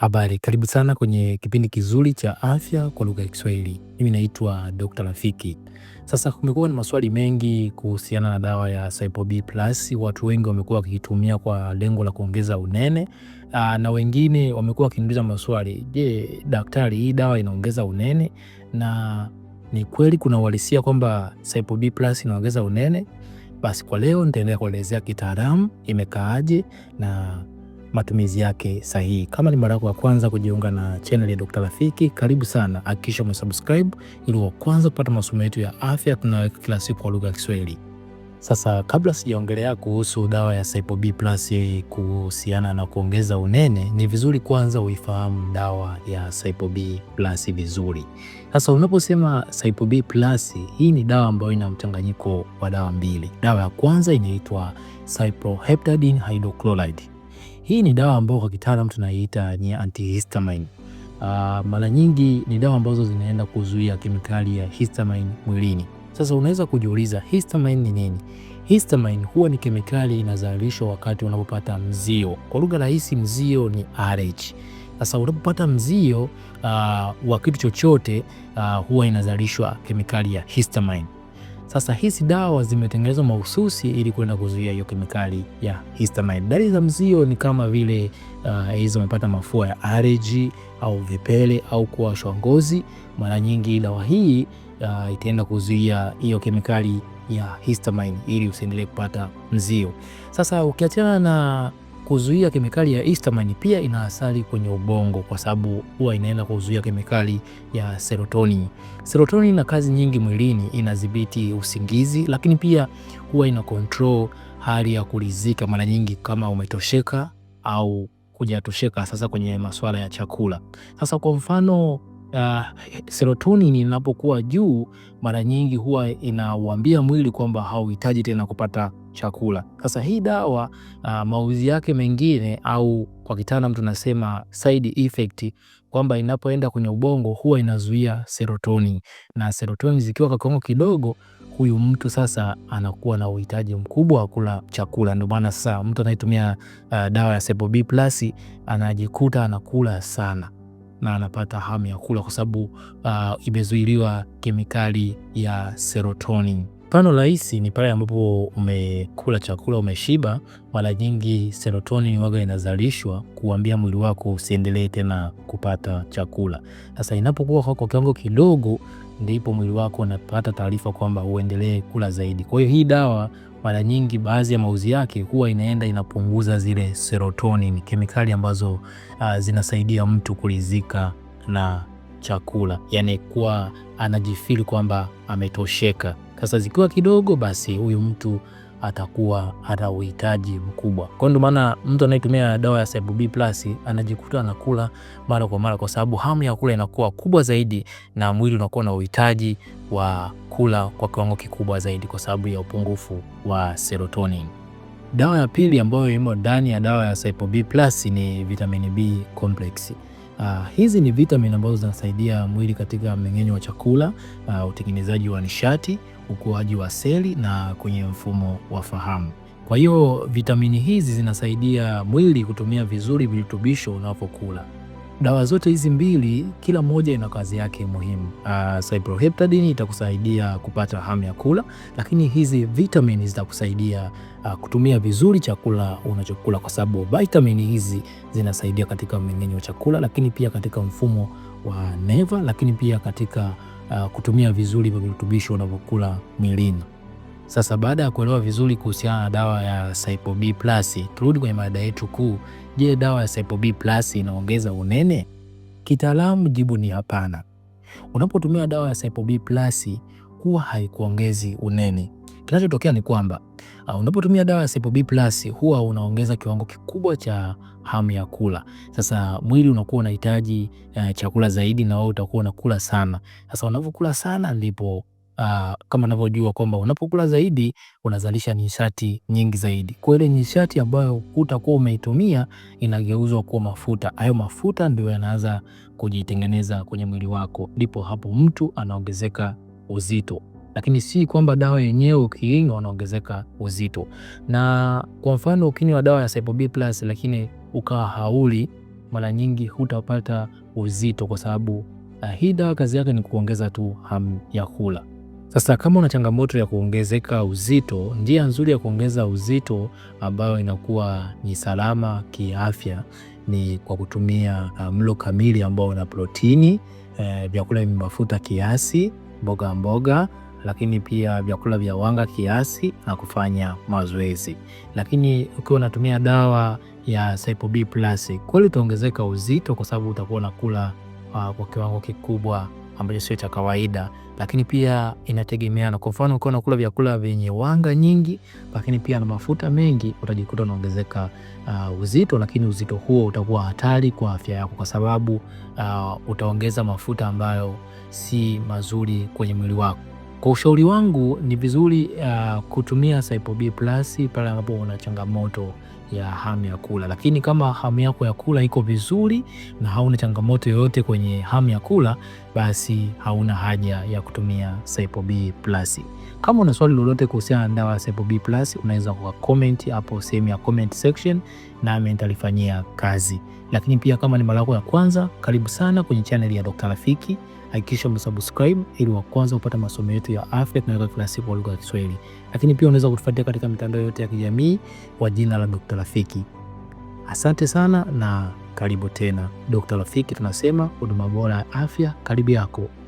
Habari, karibu sana kwenye kipindi kizuri cha afya kwa lugha ya Kiswahili. Mimi naitwa Dr. Rafiki. Sasa kumekuwa na maswali mengi kuhusiana na dawa ya CytoB Plus. Watu wengi wamekuwa wakiitumia kwa lengo la kuongeza unene aa, ah, na wengine wamekuwa wakiniuliza maswali, je, daktari, hii dawa inaongeza unene? Na ni kweli kuna uhalisia kwamba CytoB Plus inaongeza unene? Basi kwa leo nitaendelea kuelezea kitaalamu imekaaje na matumizi yake sahihi. Kama ni mara yako ya kwanza kujiunga na channel ya Dr. Rafiki, karibu sana. Hakikisha umesubscribe ili wa kwanza kupata masomo yetu ya afya tunayoweka kila siku kwa lugha ya Kiswahili. Sasa kabla sijaongelea kuhusu dawa ya Cypo B+ Plus kuhusiana na kuongeza unene, ni vizuri kwanza uifahamu dawa ya Cypo B+ Plus vizuri. Sasa unaposema Cypo B+, Plus, hii ni dawa ambayo ina mchanganyiko wa dawa mbili. Dawa ya kwanza inaitwa cyproheptadine hydrochloride hii ni dawa ambayo kwa kitaalam tunaiita ni antihistamine. Uh, mara nyingi ni dawa ambazo zinaenda kuzuia kemikali ya histamine mwilini. Sasa unaweza kujiuliza histamine ni nini? Histamine huwa ni kemikali inazalishwa wakati unapopata mzio. Kwa lugha rahisi, mzio ni RH. Sasa unapopata mzio uh, wa kitu chochote uh, huwa inazalishwa kemikali ya histamine. Sasa hizi dawa zimetengenezwa mahususi ili kwenda kuzuia hiyo kemikali ya histamine. Dalili za mzio ni kama vile hizo, uh, amepata mafua ya allergy au vipele au kuwashwa ngozi. Mara nyingi dawa hii uh, itaenda kuzuia hiyo kemikali ya histamine ili usiendelee kupata mzio. Sasa ukiachana na kuzuia kemikali ya histamine pia ina athari kwenye ubongo, kwa sababu huwa inaenda kuzuia kemikali ya serotonin. Serotonin ina kazi nyingi mwilini, inadhibiti usingizi, lakini pia huwa ina control hali ya kulizika, mara nyingi kama umetosheka au kujatosheka sasa kwenye masuala ya chakula. Sasa kwa mfano uh, ah, serotonin inapokuwa juu, mara nyingi huwa inauambia mwili kwamba hauhitaji tena kupata chakula. Sasa hii dawa uh, ah, mauzi yake mengine au kwa kitaalam tunasema side effect kwamba inapoenda kwenye ubongo huwa inazuia serotonin, na serotonin zikiwa kwa kiwango kidogo, huyu mtu sasa anakuwa na uhitaji mkubwa wa kula chakula. Ndio maana sasa mtu anayetumia uh, dawa ya Sepo B plus anajikuta anakula sana na anapata hamu ya kula kwa sababu uh, imezuiliwa kemikali ya serotonin. Mfano rahisi ni pale ambapo umekula chakula umeshiba, mara nyingi serotonin waga inazalishwa kuambia mwili wako usiendelee tena kupata chakula. Sasa inapokuwa kwa kiwango kidogo, ndipo mwili wako unapata taarifa kwamba uendelee kula zaidi. Kwa hiyo hii dawa mara nyingi baadhi ya mauzi yake huwa inaenda inapunguza zile serotonin, kemikali ambazo uh, zinasaidia mtu kulizika na chakula, yani kuwa anajifili kwamba ametosheka. Sasa zikiwa kidogo, basi huyu mtu atakuwa ana uhitaji mkubwa. Kwa hiyo ndio maana mtu anayetumia dawa ya Cypro-B+ anajikuta anakula mara kwa mara, kwa sababu hamu ya kula inakuwa kubwa zaidi na mwili unakuwa na uhitaji wa kula kwa kiwango kikubwa zaidi, kwa sababu ya upungufu wa serotonin. Dawa ya pili ambayo imo ndani ya dawa ya Cypro-B+ ni vitamini B complex. Uh, hizi ni vitamini ambazo zinasaidia mwili katika mmeng'enyo wa chakula, uh, utengenezaji wa nishati, ukuaji wa seli na kwenye mfumo wa fahamu. Kwa hiyo vitamini hizi zinasaidia mwili kutumia vizuri virutubisho unapokula. Dawa zote hizi mbili kila moja ina kazi yake muhimu. Uh, ah, cyproheptadine itakusaidia kupata hamu ya kula, lakini hizi vitamini zitakusaidia uh, kutumia vizuri chakula unachokula, kwa sababu vitamini hizi zinasaidia katika mmeng'enyo wa chakula, lakini pia katika mfumo wa neva, lakini pia katika uh, kutumia vizuri vya virutubisho unavyokula mwilini. Sasa baada ya kuelewa vizuri kuhusiana na dawa ya Cypro B Plus, turudi kwenye mada yetu kuu. Je, dawa ya Cypro B Plus inaongeza unene? Kitaalamu jibu ni hapana. Unapotumia dawa ya Cypro B Plus huwa haikuongezi unene. Kinachotokea ni kwamba uh, unapotumia dawa ya Cypro B Plus huwa unaongeza kiwango kikubwa cha hamu ya kula. Sasa mwili unakuwa unahitaji uh, chakula zaidi, na wewe utakuwa unakula sana. Sasa unavyokula sana ndipo uh, kama unavyojua kwamba unapokula zaidi unazalisha nishati nyingi zaidi. Kwa ile nishati ambayo utakuwa umeitumia inageuzwa kuwa mafuta. Hayo mafuta ndio yanaanza kujitengeneza kwenye mwili wako, ndipo hapo mtu anaongezeka uzito, lakini si kwamba dawa yenyewe ukiinywa unaongezeka uzito. Na kwa mfano ukinywa dawa ya Cybo B Plus lakini ukawa hauli, mara nyingi hutapata uzito kwa sababu uh, hii dawa kazi yake ni kuongeza tu hamu ya kula. Sasa kama una changamoto ya kuongezeka uzito, njia nzuri ya kuongeza uzito ambayo inakuwa ni salama kiafya ni kwa kutumia ah, mlo kamili ambao una protini, eh, vyakula vyenye mafuta kiasi, mboga mboga, lakini pia vyakula vya wanga kiasi na kufanya mazoezi. Lakini ukiwa unatumia dawa ya CytoB plus kweli utaongezeka uzito, kwa sababu utakuwa unakula ah, kwa kiwango kikubwa ambacho sio cha kawaida, lakini pia inategemeana. Kwa mfano, ukiwa unakula vyakula vyenye wanga nyingi, lakini pia na mafuta mengi, utajikuta unaongezeka uh, uzito, lakini uzito huo utakuwa hatari kwa afya yako, kwa sababu uh, utaongeza mafuta ambayo si mazuri kwenye mwili wako. Kwa ushauri wangu ni vizuri uh, kutumia Cypro B Plus pale ambapo una changamoto ya hamu ya kula. Lakini kama hamu yako ya kula iko vizuri na hauna changamoto yoyote kwenye hamu ya kula, basi hauna haja ya kutumia Saipo B Plus. Kama una swali lolote kuhusiana na dawa ya Saipo B Plus, unaweza kwa comment hapo sehemu ya comment section, nami nitalifanyia kazi. Lakini pia kama ni mara yako ya kwanza, karibu sana kwenye channel ya Dr. Rafiki hakikisha umesubscribe ili wa kwanza kupata masomo yetu ya afya tunaweka kila siku kwa lugha ya Kiswahili, lakini pia unaweza kutufuatia katika mitandao yote ya kijamii kwa jina la Dr. Rafiki. Asante sana na karibu tena. Dr. Rafiki tunasema huduma bora ya afya karibu yako.